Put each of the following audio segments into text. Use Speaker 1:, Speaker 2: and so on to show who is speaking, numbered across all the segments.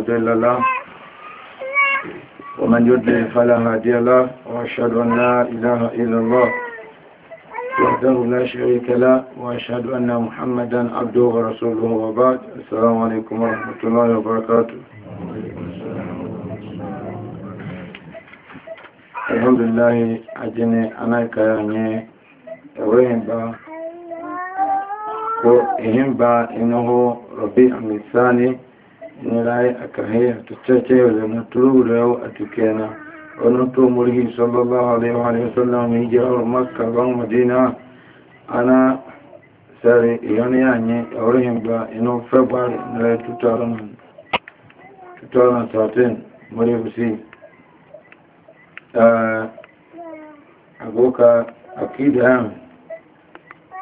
Speaker 1: مضل له ومن يدلل فلا هادي له وأشهد أن لا إله إلا الله وحده لا شريك له وأشهد أن محمدا عبده ورسوله وبعد السلام عليكم ورحمة الله وبركاته الحمد لله أجني أنا كياني وينبا با ko إنه inaho rabi ní ráyé àkàhíyà tó tẹ́tẹ́ rẹ̀ mú túrú rẹ̀ ó àtùkẹ́ náà ọdún tó múrí sọ́lọ́láwà lẹ́wà ní sọ́lọ́mù ìjẹ́ ọrọ̀ mọ́kà lọ́wọ́ mọ̀dínà aná sẹ́rẹ̀ a ọ̀rẹ́yìn gba inú february 2013 múrí sí àgbókà àkídàáhùn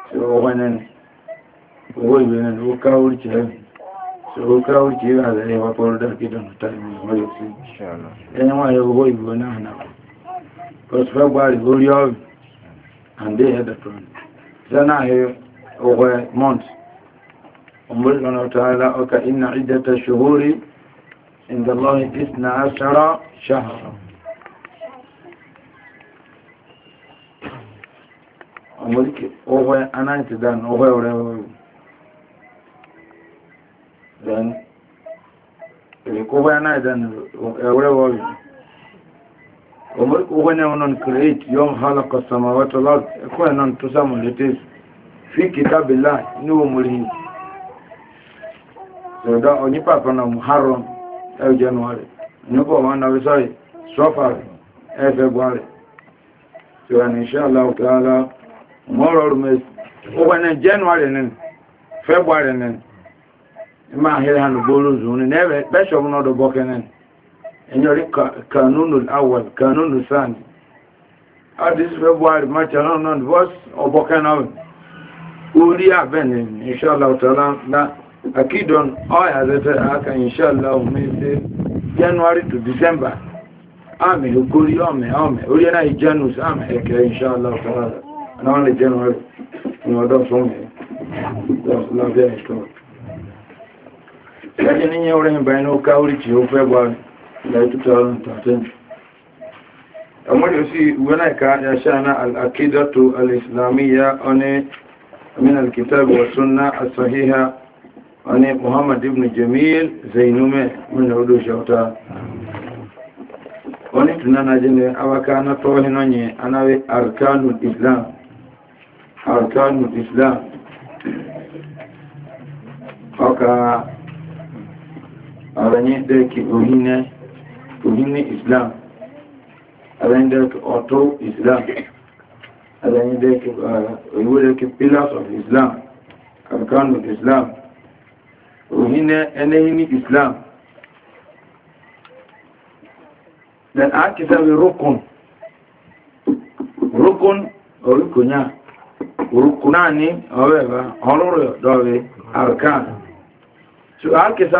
Speaker 1: tí ó wọ́n ní owó ìgbẹ̀rẹ̀ ló káwọ́ ìjẹ́ so kawo ce yana da yawa faru da gidan mutane wani su ɗan wa ya gogo ibo na hana first february and they had a friend sana he ogwe month umar subhanahu ta'ala oka inna iddata shuhuri inda Allah isna ashara shahra umar ki ogwe anaiti dan ogwe orewa then recover na then wherever you when you non create yom halaka samawati wal ard kwa non tusamu litis fi kitabillah ni umulhi so da oni papa na muharram e januari ni ko wana we sorry sofar e februari so and inshallah taala more or less when januari nen februari nen ma hira hannu bolo zuni ne bai ɓashe wuna da bokanin in yori kanunul awal kanunul sani a dis february march and on voice of bokanin uri abin inshallah ta'ala na akidon oya zata aka inshallah mai sai january to december ame ogori ome ome ori na ijanus ame eke inshallah ta'ala na only january ni ọdọ fún mi lọ bí Ẹjẹ́ níyẹn orin ìbáyín ó ká orí tí ó fẹ́ wà láì 2013. Ọmọdé ó sí ìwé náà ká ṣáná al'akídọ́tò al'islamiyya ọní min alkitabi wa sunna as-sahiha ọní Muhammad ibn Jamil Zainume min odo shauta. Wani tunana jini awaka na aranye deki ohine ohine islam aranye deki ọ̀tọ́ islam aranye deki oyiwe uh, deki pillars of islam kankan with islam ohine enehini islam then a kisa bi rukun rukun orukunya rukunani ọwẹ́ ẹ̀bá ọlọ́rọ̀ dọ́wẹ́ arkan so a kisa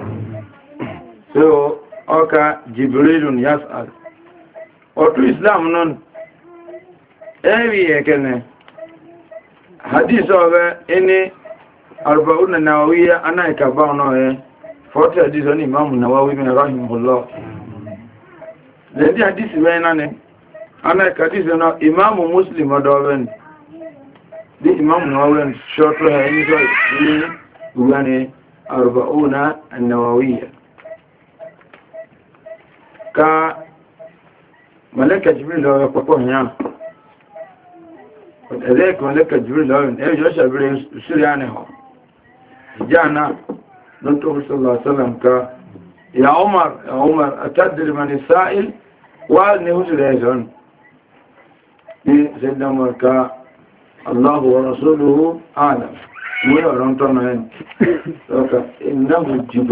Speaker 1: so ọka jibrilun yas'al otu islam nọ eri ekene hadis ọrẹ ẹni arbaun nawawiya anaika ba ọ̀nà ọ̀rẹ́ e, 40 hadis ọ ni imamu nawawi bin rahimahullah lẹ́dí hadis rẹ̀ nánẹ anaika hadis ọ̀nà imamu muslim ọdọ ọrẹ ni di imamu nawawi ṣọ́tọ̀ ẹ̀ ní sọ ìwé ni arbaun ya. ka mọ̀lẹ́kẹ̀ jùlọ lọ́rọ̀ pọ̀pọ̀ yàn ẹ̀lẹ́kẹ̀ mọ̀lẹ́kẹ̀ jùlọ lọ́rọ̀ ẹ̀yọ́ ṣàbírí sírí ànìhàn ìjá náà ló tó sọ́lọ̀ sọ́lọ̀m ka ya umar ya umar atadiri mani sa'il wà ní hùsù rẹ̀ ẹ̀sọ́n ní sẹ́dọ̀mọ̀